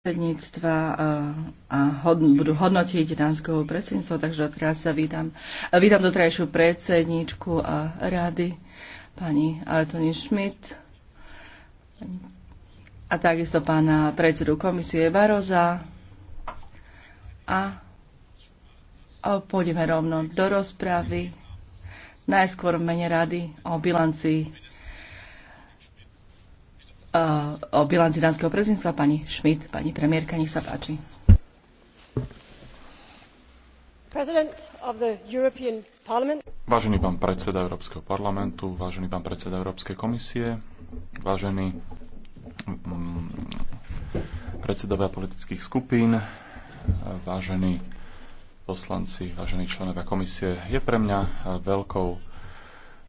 predsedníctva eh, a hod, budú hodnotiť dánskeho predsedníctva, takže teraz sa vítam, vítam dotrajšiu predsedníčku a eh, rady, pani Altoni Schmidt a takisto pána predsedu komisie Baroza a, a pôjdeme rovno do rozpravy najskôr v mene rady o bilancii o bilanci dánskeho prezidentstva. Pani Schmidt, pani premiérka, nech sa páči. Vážený pán predseda Európskeho parlamentu, vážený pán predseda Európskej komisie, vážení mm, predsedovia politických skupín, vážení poslanci, vážení členovia komisie, je pre mňa veľkou